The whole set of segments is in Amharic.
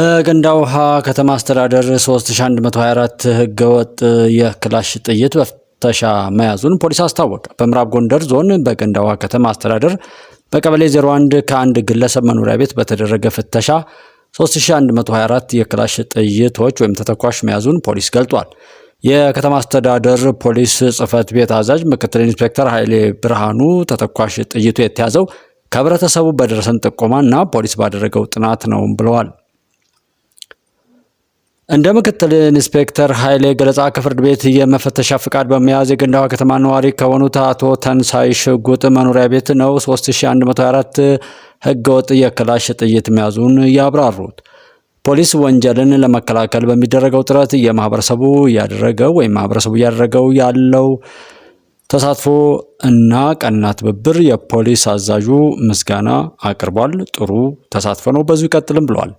በገንዳ ውሃ ከተማ አስተዳደር 3124 ህገወጥ የክላሽ ጥይት በፍተሻ መያዙን ፖሊስ አስታወቀ። በምዕራብ ጎንደር ዞን በገንዳ ውሃ ከተማ አስተዳደር በቀበሌ 01 ከአንድ ግለሰብ መኖሪያ ቤት በተደረገ ፍተሻ 3124 የክላሽ ጥይቶች ወይም ተተኳሽ መያዙን ፖሊስ ገልጧል። የከተማ አስተዳደር ፖሊስ ጽህፈት ቤት አዛዥ ምክትል ኢንስፔክተር ኃይሌ ብርሃኑ ተተኳሽ ጥይቱ የተያዘው ከህብረተሰቡ በደረሰን ጥቆማ እና ፖሊስ ባደረገው ጥናት ነው ብለዋል። እንደ ምክትል ኢንስፔክተር ኃይሌ ገለጻ ከፍርድ ቤት የመፈተሻ ፍቃድ በመያዝ የገንዳዋ ከተማ ነዋሪ ከሆኑት አቶ ተንሳይ ሽጉጥ መኖሪያ ቤት ነው 3124 ህገወጥ የክላሽ ጥይት መያዙን ያብራሩት። ፖሊስ ወንጀልን ለመከላከል በሚደረገው ጥረት የማህበረሰቡ ያደረገው ወይም ማህበረሰቡ እያደረገው ያለው ተሳትፎ እና ቀና ትብብር የፖሊስ አዛዡ ምስጋና አቅርቧል። ጥሩ ተሳትፎ ነው፣ በዚሁ ይቀጥልም ብለዋል።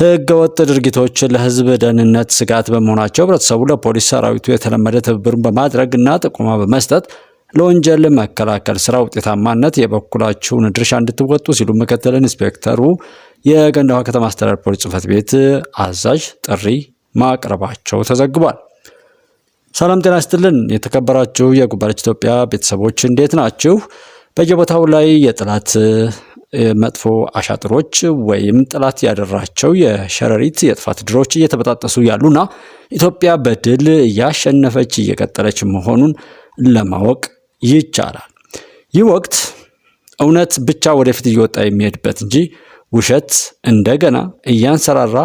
ህገ ወጥ ድርጊቶች ለህዝብ ደህንነት ስጋት በመሆናቸው ህብረተሰቡ ለፖሊስ ሰራዊቱ የተለመደ ትብብሩን በማድረግ እና ጥቆማ በመስጠት ለወንጀል መከላከል ስራ ውጤታማነት የበኩላችሁን ድርሻ እንድትወጡ ሲሉ ምክትል ኢንስፔክተሩ የገንዳዋ ከተማ አስተዳደር ፖሊስ ጽህፈት ቤት አዛዥ ጥሪ ማቅረባቸው ተዘግቧል። ሰላም ጤና ይስጥልን። የተከበራችሁ የጉባለች ኢትዮጵያ ቤተሰቦች እንዴት ናችሁ? በየቦታው ላይ የጥላት መጥፎ አሻጥሮች ወይም ጠላት ያደራቸው የሸረሪት የጥፋት ድሮች እየተበጣጠሱ ያሉና ኢትዮጵያ በድል እያሸነፈች እየቀጠለች መሆኑን ለማወቅ ይቻላል። ይህ ወቅት እውነት ብቻ ወደፊት እየወጣ የሚሄድበት እንጂ ውሸት እንደገና እያንሰራራ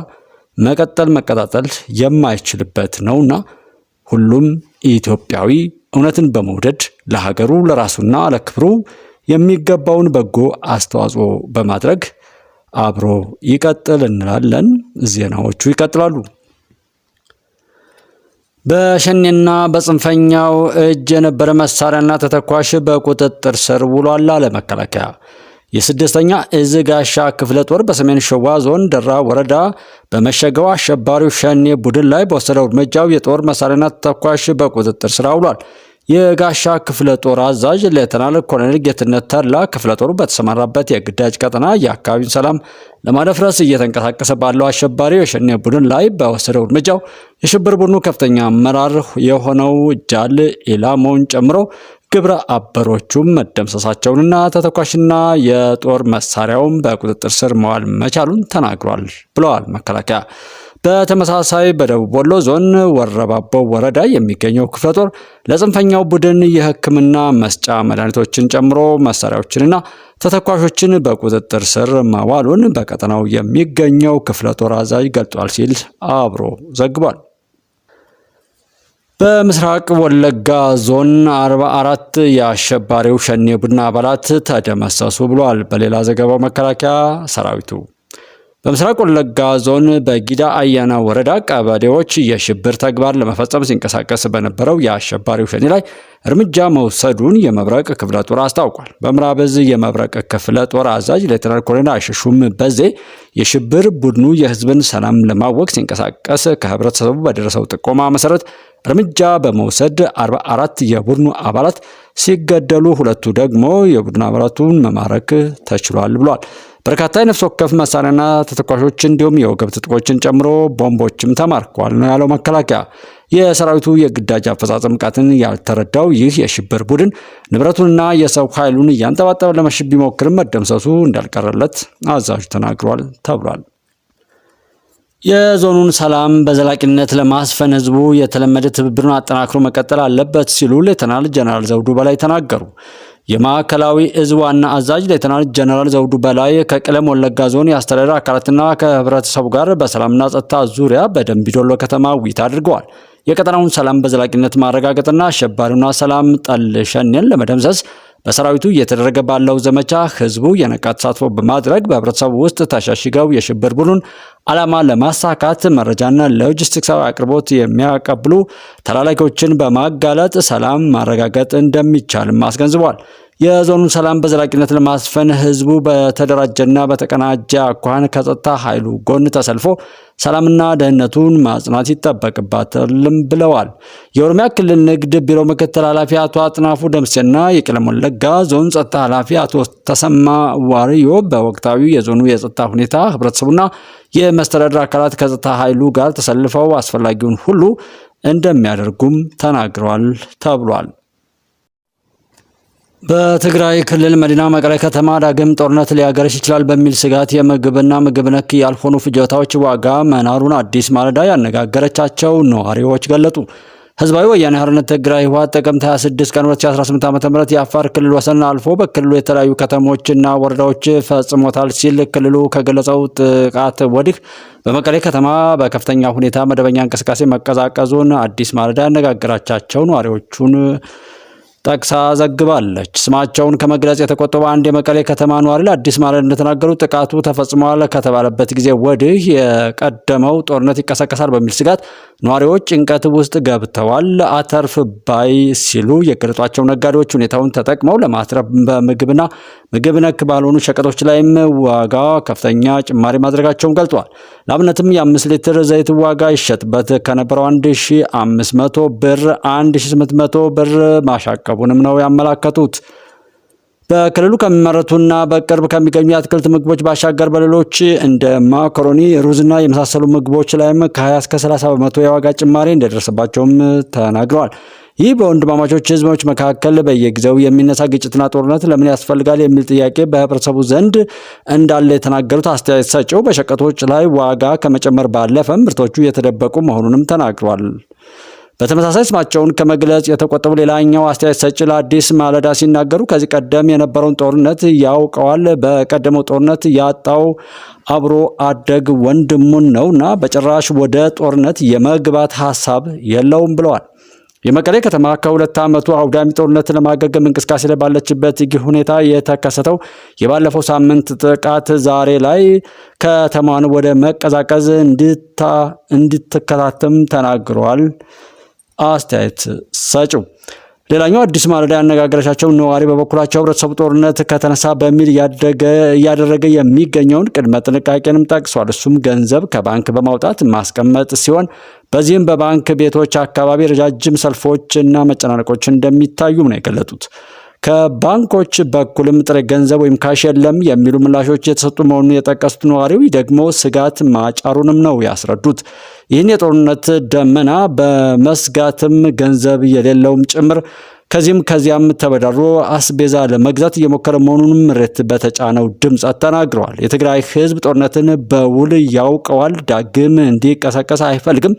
መቀጠል መቀጣጠል የማይችልበት ነውና ሁሉም ኢትዮጵያዊ እውነትን በመውደድ ለሀገሩ ለራሱና ለክብሩ የሚገባውን በጎ አስተዋጽኦ በማድረግ አብሮ ይቀጥል እንላለን። ዜናዎቹ ይቀጥላሉ። በሸኔና በጽንፈኛው እጅ የነበረ መሳሪያና ተተኳሽ በቁጥጥር ስር ውሏል አለ መከላከያ። የስድስተኛ እዝ ጋሻ ክፍለ ጦር በሰሜን ሸዋ ዞን ደራ ወረዳ በመሸገው አሸባሪው ሸኔ ቡድን ላይ በወሰደው እርምጃው የጦር መሳሪያና ተተኳሽ በቁጥጥር ስር አውሏል። የጋሻ ክፍለ ጦር አዛዥ ሌተናል ኮሎኔል ጌትነት ተላ ክፍለ ጦሩ በተሰማራበት የግዳጅ ቀጠና የአካባቢውን ሰላም ለማደፍረስ እየተንቀሳቀሰ ባለው አሸባሪ የሸኔ ቡድን ላይ በወሰደው እርምጃው የሽብር ቡድኑ ከፍተኛ አመራር የሆነው ጃል ኢላሞን ጨምሮ ግብረ አበሮቹም መደምሰሳቸውንና ተተኳሽና የጦር መሳሪያውን በቁጥጥር ስር መዋል መቻሉን ተናግሯል ብለዋል መከላከያ በተመሳሳይ በደቡብ ወሎ ዞን ወረባቦ ወረዳ የሚገኘው ክፍለ ጦር ለጽንፈኛው ቡድን የሕክምና መስጫ መድኃኒቶችን ጨምሮ መሳሪያዎችንና ተተኳሾችን በቁጥጥር ስር ማዋሉን በቀጠናው የሚገኘው ክፍለ ጦር አዛዥ ገልጿል ሲል አብሮ ዘግቧል። በምስራቅ ወለጋ ዞን አርባ አራት የአሸባሪው ሸኔ ቡድን አባላት ተደመሰሱ ብሏል። በሌላ ዘገባው መከላከያ ሰራዊቱ በምስራቅ ወለጋ ዞን በጊዳ አያና ወረዳ ቀበሌዎች የሽብር ተግባር ለመፈጸም ሲንቀሳቀስ በነበረው የአሸባሪው ሸኔ ላይ እርምጃ መውሰዱን የመብረቅ ክፍለ ጦር አስታውቋል። በምዕራብ የመብረቅ ክፍለ ጦር አዛዥ ሌተናል ኮሎኔል አሸሹም በዜ የሽብር ቡድኑ የህዝብን ሰላም ለማወቅ ሲንቀሳቀስ ከህብረተሰቡ በደረሰው ጥቆማ መሰረት እርምጃ በመውሰድ 44 የቡድኑ አባላት ሲገደሉ ሁለቱ ደግሞ የቡድኑ አባላቱን መማረክ ተችሏል ብሏል። በርካታ የነፍስ ወከፍ መሳሪያና ተተኳሾች እንዲሁም የወገብ ትጥቆችን ጨምሮ ቦምቦችም ተማርከዋል ነው ያለው መከላከያ። የሰራዊቱ የግዳጅ አፈጻጸም ቃትን ያልተረዳው ይህ የሽብር ቡድን ንብረቱንና የሰው ኃይሉን እያንጠባጠበ ለመሽብ ቢሞክርም መደምሰሱ እንዳልቀረለት አዛዡ ተናግሯል ተብሏል። የዞኑን ሰላም በዘላቂነት ለማስፈን ህዝቡ የተለመደ ትብብርን አጠናክሮ መቀጠል አለበት ሲሉ ሌተናል ጀነራል ዘውዱ በላይ ተናገሩ። የማዕከላዊ እዝ ዋና አዛዥ ሌተናንት ጀነራል ዘውዱ በላይ ከቀለም ወለጋ ዞን የአስተዳደር አካላትና ከህብረተሰቡ ጋር በሰላምና ጸጥታ ዙሪያ በደምቢዶሎ ከተማ ውይይት አድርገዋል። የቀጠናውን ሰላም በዘላቂነት ማረጋገጥና አሸባሪና ሰላም ጠል ሸኔን ለመደምሰስ በሰራዊቱ እየተደረገ ባለው ዘመቻ ህዝቡ የነቃ ተሳትፎ በማድረግ በህብረተሰቡ ውስጥ ተሸሽገው የሽብር ቡድን ዓላማ ለማሳካት መረጃና ሎጂስቲክሳዊ አቅርቦት የሚያቀብሉ ተላላኪዎችን በማጋለጥ ሰላም ማረጋገጥ እንደሚቻልም አስገንዝቧል። የዞኑን ሰላም በዘላቂነት ለማስፈን ህዝቡ በተደራጀና በተቀናጀ አኳን ከጸጥታ ኃይሉ ጎን ተሰልፎ ሰላምና ደህንነቱን ማጽናት ይጠበቅባታልም ብለዋል። የኦሮሚያ ክልል ንግድ ቢሮ ምክትል ኃላፊ አቶ አጥናፉ ደምሴና የቄለም ወለጋ ዞን ጸጥታ ኃላፊ አቶ ተሰማ ዋርዮ በወቅታዊ የዞኑ የጸጥታ ሁኔታ ህብረተሰቡና የመስተዳድር አካላት ከጸጥታ ኃይሉ ጋር ተሰልፈው አስፈላጊውን ሁሉ እንደሚያደርጉም ተናግረዋል ተብሏል። በትግራይ ክልል መዲና መቀለ ከተማ ዳግም ጦርነት ሊያገረሽ ይችላል በሚል ስጋት የምግብና ምግብ ነክ ያልሆኑ ፍጆታዎች ዋጋ መናሩን አዲስ ማለዳ ያነጋገረቻቸው ነዋሪዎች ገለጡ። ህዝባዊ ወያኔ ሓርነት ትግራይ ህወሓት ጥቅምት 26 ቀን 2018 ዓ.ም የአፋር ክልል ወሰን አልፎ በክልሉ የተለያዩ ከተሞችና ወረዳዎች ፈጽሞታል ሲል ክልሉ ከገለጸው ጥቃት ወዲህ በመቀሌ ከተማ በከፍተኛ ሁኔታ መደበኛ እንቅስቃሴ መቀዛቀዙን አዲስ ማለዳ ያነጋገራቻቸው ነዋሪዎቹን ጠቅሳ ዘግባለች። ስማቸውን ከመግለጽ የተቆጠበ አንድ የመቀሌ ከተማ ነዋሪ ለአዲስ ማለት እንደተናገሩ ጥቃቱ ተፈጽሟል ከተባለበት ጊዜ ወዲህ የቀደመው ጦርነት ይቀሰቀሳል በሚል ስጋት ነዋሪዎች ጭንቀት ውስጥ ገብተዋል። አተርፍ ባይ ሲሉ የገለጧቸው ነጋዴዎች ሁኔታውን ተጠቅመው ለማትረፍ በምግብና ምግብ ነክ ባልሆኑ ሸቀጦች ላይም ዋጋ ከፍተኛ ጭማሪ ማድረጋቸውን ገልጧል። ለአብነትም የአምስት ሊትር ዘይት ዋጋ ይሸጥበት ከነበረው 1500 ብር 1800 ብር ማሻቀቡ መቅረቡንም ነው ያመላከቱት። በክልሉ ከሚመረቱና በቅርብ ከሚገኙ የአትክልት ምግቦች ባሻገር በሌሎች እንደ ማካሮኒ፣ ሩዝና የመሳሰሉ ምግቦች ላይም ከ20 እስከ 30 በመቶ የዋጋ ጭማሪ እንደደረሰባቸውም ተናግረዋል። ይህ በወንድማማቾች ህዝቦች መካከል በየጊዜው የሚነሳ ግጭትና ጦርነት ለምን ያስፈልጋል የሚል ጥያቄ በህብረተሰቡ ዘንድ እንዳለ የተናገሩት አስተያየት ሰጪው በሸቀጦች ላይ ዋጋ ከመጨመር ባለፈ ምርቶቹ የተደበቁ መሆኑንም ተናግሯል። በተመሳሳይ ስማቸውን ከመግለጽ የተቆጠቡ ሌላኛው አስተያየት ሰጭ ለአዲስ ማለዳ ሲናገሩ ከዚህ ቀደም የነበረውን ጦርነት ያውቀዋል። በቀደመው ጦርነት ያጣው አብሮ አደግ ወንድሙን እና በጭራሽ ወደ ጦርነት የመግባት ሀሳብ የለውም ብለዋል። የመቀሌ ከተማ ከሁለት ዓመቱ አውዳሚ ጦርነት ለማገገም እንቅስቃሴ ላይ ባለችበት ሁኔታ የተከሰተው የባለፈው ሳምንት ጥቃት ዛሬ ላይ ከተማዋን ወደ መቀዛቀዝ እንድትከታተም ተናግሯል። አስተያየት ሰጪው። ሌላኛው አዲስ ማለዳ ያነጋገረቻቸው ነዋሪ በበኩላቸው ህብረተሰቡ ጦርነት ከተነሳ በሚል እያደረገ የሚገኘውን ቅድመ ጥንቃቄንም ጠቅሷል። እሱም ገንዘብ ከባንክ በማውጣት ማስቀመጥ ሲሆን በዚህም በባንክ ቤቶች አካባቢ ረጃጅም ሰልፎች እና መጨናነቆች እንደሚታዩም ነው የገለጡት። ከባንኮች በኩልም ጥሬ ገንዘብ ወይም ካሽ የለም የሚሉ ምላሾች የተሰጡ መሆኑን የጠቀሱት ነዋሪው ደግሞ ስጋት ማጫሩንም ነው ያስረዱት። ይህን የጦርነት ደመና በመስጋትም ገንዘብ የሌለውም ጭምር ከዚህም ከዚያም ተበዳድሮ አስቤዛ ለመግዛት እየሞከረ መሆኑንም ምሬት በተጫነው ድምፅ ተናግረዋል። የትግራይ ሕዝብ ጦርነትን በውል ያውቀዋል፣ ዳግም እንዲቀሰቀስ አይፈልግም፣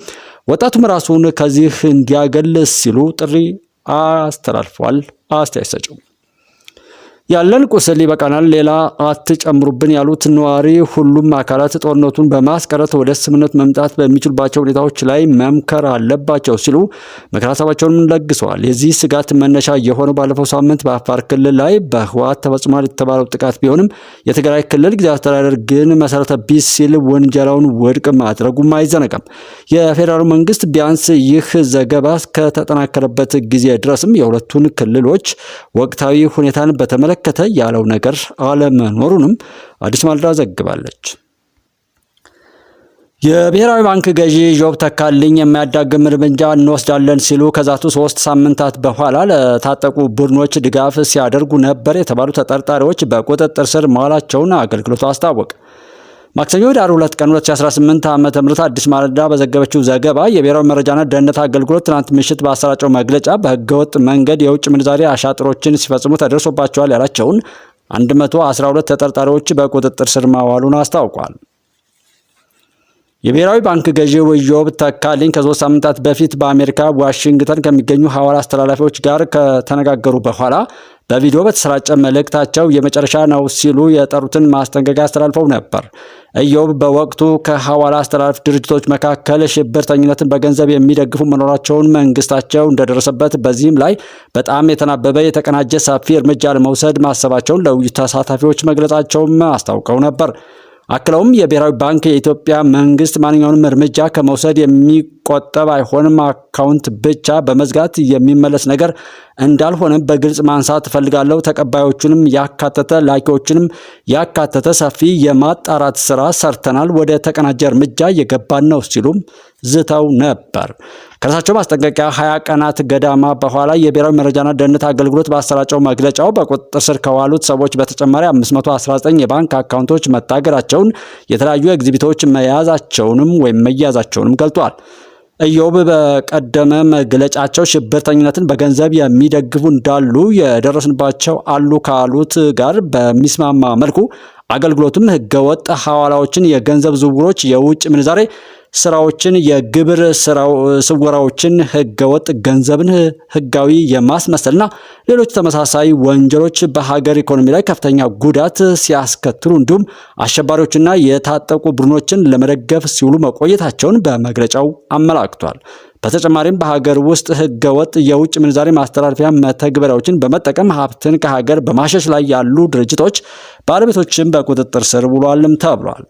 ወጣቱም ራሱን ከዚህ እንዲያገል ሲሉ ጥሪ አስተላልፏል። Ağız test ያለን ቁስል ይበቃናል፣ ሌላ አትጨምሩብን ያሉት ነዋሪ ሁሉም አካላት ጦርነቱን በማስቀረት ወደ ስምምነት መምጣት በሚችሉባቸው ሁኔታዎች ላይ መምከር አለባቸው ሲሉ ምክረ ሀሳባቸውን ለግሰዋል። የዚህ ስጋት መነሻ የሆነው ባለፈው ሳምንት በአፋር ክልል ላይ በህወሓት ተፈጽሟል የተባለው ጥቃት ቢሆንም የትግራይ ክልል ጊዜ አስተዳደር ግን መሰረተ ቢስ ሲል ወንጀላውን ውድቅ ማድረጉም አይዘነጋም። የፌዴራሉ መንግስት ቢያንስ ይህ ዘገባ እስከተጠናከረበት ጊዜ ድረስም የሁለቱን ክልሎች ወቅታዊ ሁኔታን በተመለከ ተመለከተ ያለው ነገር አለመኖሩንም አዲስ ማለዳ ዘግባለች። የብሔራዊ ባንክ ገዢ ጆብ ተካልኝ የሚያዳግም እርምጃ እንወስዳለን ሲሉ ከዛቱ ሶስት ሳምንታት በኋላ ለታጠቁ ቡድኖች ድጋፍ ሲያደርጉ ነበር የተባሉ ተጠርጣሪዎች በቁጥጥር ስር መዋላቸውን አገልግሎቱ አስታወቀ። ማክሰኞ ዳር 2 ቀን 2018 ዓ.ም አዲስ ማለዳ በዘገበችው ዘገባ የብሔራዊ መረጃና ደህንነት አገልግሎት ትናንት ምሽት በአሰራጨው መግለጫ በህገወጥ መንገድ የውጭ ምንዛሬ አሻጥሮችን ሲፈጽሙ ተደርሶባቸዋል ያላቸውን 112 ተጠርጣሪዎች በቁጥጥር ስር ማዋሉን አስታውቋል። የብሔራዊ ባንክ ገዢ ኢዮብ ተካልኝ ከሶስት ሳምንታት በፊት በአሜሪካ ዋሽንግተን ከሚገኙ ሐዋላ አስተላላፊዎች ጋር ከተነጋገሩ በኋላ በቪዲዮ በተሰራጨ መልእክታቸው የመጨረሻ ነው ሲሉ የጠሩትን ማስጠንቀቂያ አስተላልፈው ነበር። ኢዮብ በወቅቱ ከሐዋላ አስተላልፍ ድርጅቶች መካከል ሽብርተኝነትን በገንዘብ የሚደግፉ መኖራቸውን መንግስታቸው እንደደረሰበት፣ በዚህም ላይ በጣም የተናበበ የተቀናጀ ሰፊ እርምጃ ለመውሰድ ማሰባቸውን ለውይይት ተሳታፊዎች መግለጻቸውም አስታውቀው ነበር። አክለውም የብሔራዊ ባንክ የኢትዮጵያ መንግስት ማንኛውንም እርምጃ ከመውሰድ የሚቆጠብ አይሆንም፣ አካውንት ብቻ በመዝጋት የሚመለስ ነገር እንዳልሆነ በግልጽ ማንሳት እፈልጋለሁ። ተቀባዮቹንም ያካተተ ላኪዎችንም ያካተተ ሰፊ የማጣራት ስራ ሰርተናል። ወደ ተቀናጀ እርምጃ የገባን ነው ሲሉም ዝተው ነበር። ከእርሳቸው ማስጠንቀቂያ ሀያ ቀናት ገዳማ በኋላ የብሔራዊ መረጃና ደህንነት አገልግሎት ባሰራጨው መግለጫው በቁጥጥር ስር ከዋሉት ሰዎች በተጨማሪ 519 የባንክ አካውንቶች መታገዳቸውን፣ የተለያዩ ኤግዚቢቶች መያዛቸውንም ወይም መያዛቸውንም ገልጧል። ኢዮብ በቀደመ መግለጫቸው ሽብርተኝነትን በገንዘብ የሚደግፉ እንዳሉ የደረስንባቸው አሉ ካሉት ጋር በሚስማማ መልኩ አገልግሎቱም ህገወጥ ሐዋላዎችን፣ የገንዘብ ዝውውሮች፣ የውጭ ምንዛሬ ስራዎችን፣ የግብር ስወራዎችን፣ ህገወጥ ገንዘብን ህጋዊ የማስመሰልና ሌሎች ተመሳሳይ ወንጀሎች በሀገር ኢኮኖሚ ላይ ከፍተኛ ጉዳት ሲያስከትሉ እንዲሁም አሸባሪዎችና የታጠቁ ቡድኖችን ለመደገፍ ሲውሉ መቆየታቸውን በመግለጫው አመላክቷል። በተጨማሪም በሀገር ውስጥ ህገወጥ የውጭ ምንዛሬ ማስተላለፊያ መተግበሪያዎችን በመጠቀም ሀብትን ከሀገር በማሸሽ ላይ ያሉ ድርጅቶች ባለቤቶችን በቁጥጥር ስር ውሏልም ተብሏል።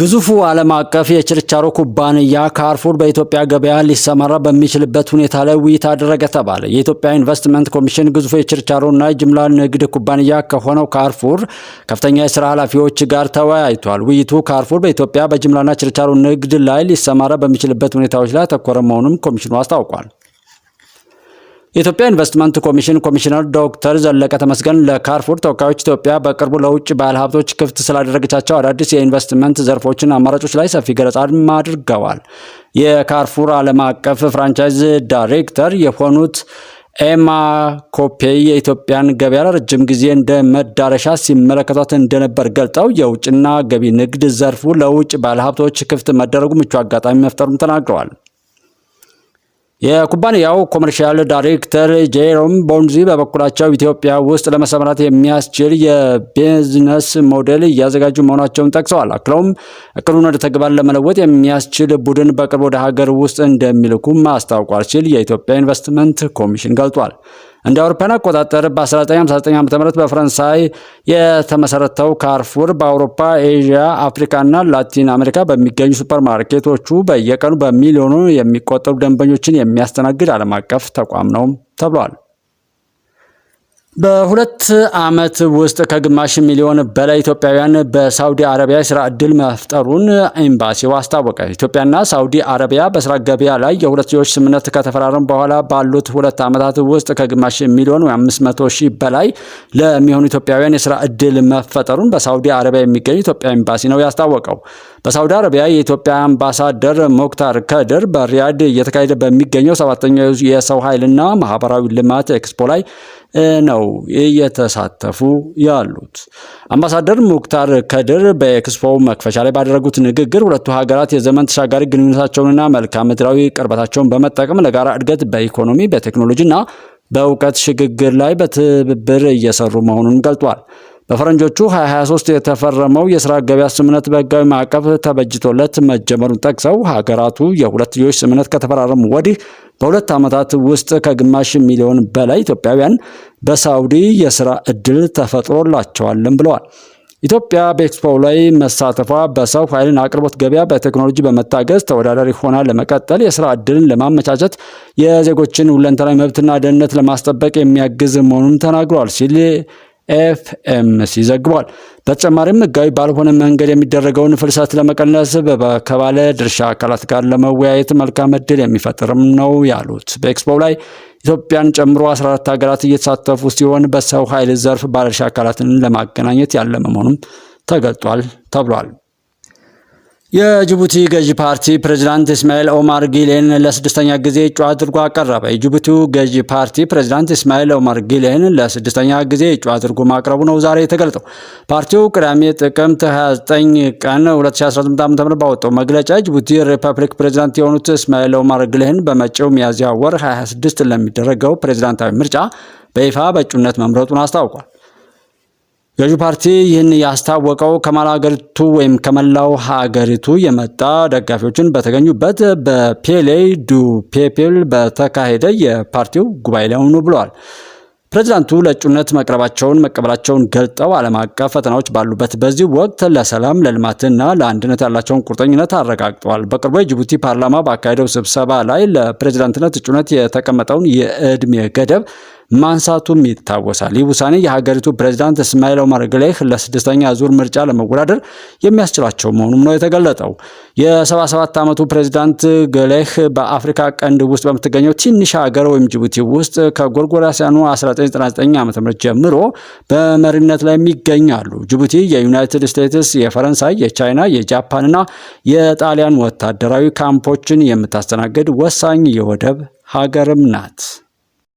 ግዙፉ ዓለም አቀፍ የችርቻሮ ኩባንያ ካርፉር በኢትዮጵያ ገበያ ሊሰማራ በሚችልበት ሁኔታ ላይ ውይይት አደረገ ተባለ። የኢትዮጵያ ኢንቨስትመንት ኮሚሽን ግዙፉ የችርቻሮና የጅምላ ንግድ ኩባንያ ከሆነው ካርፉር ከፍተኛ የስራ ኃላፊዎች ጋር ተወያይቷል። ውይይቱ ካርፉር በኢትዮጵያ በጅምላና ችርቻሮ ንግድ ላይ ሊሰማራ በሚችልበት ሁኔታዎች ላይ ያተኮረ መሆኑም ኮሚሽኑ አስታውቋል። የኢትዮጵያ ኢንቨስትመንት ኮሚሽን ኮሚሽነር ዶክተር ዘለቀ ተመስገን ለካርፉር ተወካዮች ኢትዮጵያ በቅርቡ ለውጭ ባለሀብቶች ክፍት ስላደረገቻቸው አዳዲስ የኢንቨስትመንት ዘርፎችን አማራጮች ላይ ሰፊ ገለጻ አድርገዋል። የካርፉር ዓለም አቀፍ ፍራንቻይዝ ዳይሬክተር የሆኑት ኤማ ኮፔይ የኢትዮጵያን ገበያ ለረጅም ጊዜ እንደ መዳረሻ ሲመለከቷት እንደነበር ገልጠው የውጭና ገቢ ንግድ ዘርፉ ለውጭ ባለሀብቶች ክፍት መደረጉ ምቹ አጋጣሚ መፍጠሩም ተናግረዋል። የኩባንያው ኮመርሻል ዳይሬክተር ጄሮም ቦንዚ በበኩላቸው ኢትዮጵያ ውስጥ ለመሰማራት የሚያስችል የቢዝነስ ሞዴል እያዘጋጁ መሆናቸውን ጠቅሰዋል። አክለውም እቅዱን ወደ ተግባር ለመለወጥ የሚያስችል ቡድን በቅርብ ወደ ሀገር ውስጥ እንደሚልኩም አስታውቋል ሲል የኢትዮጵያ ኢንቨስትመንት ኮሚሽን ገልጧል። እንደ አውሮፓን አቆጣጠር በ1959 ዓ ም በፈረንሳይ የተመሰረተው ካርፉር በአውሮፓ፣ ኤዥያ፣ አፍሪካና ላቲን አሜሪካ በሚገኙ ሱፐርማርኬቶቹ በየቀኑ በሚሊዮኑ የሚቆጠሩ ደንበኞችን የሚያስተናግድ ዓለም አቀፍ ተቋም ነው ተብሏል። በሁለት ዓመት ውስጥ ከግማሽ ሚሊዮን በላይ ኢትዮጵያውያን በሳውዲ አረቢያ የስራ ዕድል መፍጠሩን ኤምባሲው አስታወቀ። ኢትዮጵያና ሳውዲ አረቢያ በስራ ገበያ ላይ የሁለትዮሽ ስምምነት ከተፈራረሙ በኋላ ባሉት ሁለት ዓመታት ውስጥ ከግማሽ ሚሊዮን ወይ 500 ሺህ በላይ ለሚሆኑ ኢትዮጵያውያን የስራ ዕድል መፈጠሩን በሳውዲ አረቢያ የሚገኝ ኢትዮጵያ ኤምባሲ ነው ያስታወቀው። በሳውዲ አረቢያ የኢትዮጵያ አምባሳደር ሞክታር ከድር በሪያድ እየተካሄደ በሚገኘው ሰባተኛው የሰው ኃይልና ማህበራዊ ልማት ኤክስፖ ላይ ነው እየተሳተፉ ያሉት። አምባሳደር ሙክታር ከድር በኤክስፖ መክፈቻ ላይ ባደረጉት ንግግር ሁለቱ ሀገራት የዘመን ተሻጋሪ ግንኙነታቸውንና መልክዓ ምድራዊ ቅርበታቸውን በመጠቀም ለጋራ እድገት በኢኮኖሚ በቴክኖሎጂና በእውቀት ሽግግር ላይ በትብብር እየሰሩ መሆኑን ገልጧል። በፈረንጆቹ 2023 የተፈረመው የስራ ገበያ ስምምነት በህጋዊ ማዕቀፍ ተበጅቶለት መጀመሩን ጠቅሰው ሀገራቱ የሁለትዮሽ ስምምነት ከተፈራረሙ ወዲህ በሁለት ዓመታት ውስጥ ከግማሽ ሚሊዮን በላይ ኢትዮጵያውያን በሳውዲ የስራ እድል ተፈጥሮላቸዋልም ብለዋል። ኢትዮጵያ በኤክስፖው ላይ መሳተፏ በሰው ኃይልን አቅርቦት ገበያ በቴክኖሎጂ በመታገዝ ተወዳዳሪ ሆና ለመቀጠል የስራ ዕድልን ለማመቻቸት የዜጎችን ሁለንተናዊ መብትና ደህንነት ለማስጠበቅ የሚያግዝ መሆኑን ተናግሯል ሲል ኤፍኤምሲ ዘግቧል። በተጨማሪም ህጋዊ ባልሆነ መንገድ የሚደረገውን ፍልሰት ለመቀነስ ከባለ ድርሻ አካላት ጋር ለመወያየት መልካም እድል የሚፈጥርም ነው ያሉት። በኤክስፖ ላይ ኢትዮጵያን ጨምሮ 14 ሀገራት እየተሳተፉ ሲሆን በሰው ኃይል ዘርፍ ባለድርሻ አካላትን ለማገናኘት ያለመ ተገልጧል ተብሏል። የጅቡቲ ገዢ ፓርቲ ፕሬዚዳንት እስማኤል ኦማር ጊሌን ለስድስተኛ ጊዜ እጩ አድርጎ አቀረበ። የጅቡቲው ገዢ ፓርቲ ፕሬዚዳንት እስማኤል ኦማር ጊሌን ለስድስተኛ ጊዜ እጩ አድርጎ ማቅረቡ ነው ዛሬ የተገለጠው። ፓርቲው ቅዳሜ ጥቅምት 29 ቀን 2018 ዓ.ም ባወጣው መግለጫ ጅቡቲ ሪፐብሊክ ፕሬዚዳንት የሆኑት እስማኤል ኦማር ጊሌን በመጪው ሚያዝያ ወር 26 ለሚደረገው ፕሬዚዳንታዊ ምርጫ በይፋ በእጩነት መምረጡን አስታውቋል። ገዢ ፓርቲ ይህን ያስታወቀው ከመላ ሀገሪቱ ወይም ከመላው ሀገሪቱ የመጣ ደጋፊዎችን በተገኙበት በፔሌ ዱ ፔፕል በተካሄደ የፓርቲው ጉባኤ ላይ ሆኑ ብለዋል። ፕሬዚዳንቱ ለእጩነት መቅረባቸውን መቀበላቸውን ገልጠው ዓለም አቀፍ ፈተናዎች ባሉበት በዚህ ወቅት ለሰላም ለልማትና ለአንድነት ያላቸውን ቁርጠኝነት አረጋግጠዋል። በቅርቡ የጅቡቲ ፓርላማ ባካሄደው ስብሰባ ላይ ለፕሬዚዳንትነት እጩነት የተቀመጠውን የእድሜ ገደብ ማንሳቱም ይታወሳል። ይህ ውሳኔ የሀገሪቱ ፕሬዚዳንት እስማኤል ኦማር ግሌህ ለስድስተኛ ዙር ምርጫ ለመወዳደር የሚያስችላቸው መሆኑም ነው የተገለጠው። የ77 ዓመቱ ፕሬዚዳንት ግሌህ በአፍሪካ ቀንድ ውስጥ በምትገኘው ትንሽ ሀገር ወይም ጅቡቲ ውስጥ ከጎርጎራሲያኑ 1999 ዓ ም ጀምሮ በመሪነት ላይ ይገኛሉ። ጅቡቲ የዩናይትድ ስቴትስ፣ የፈረንሳይ፣ የቻይና፣ የጃፓንና የጣሊያን ወታደራዊ ካምፖችን የምታስተናግድ ወሳኝ የወደብ ሀገርም ናት።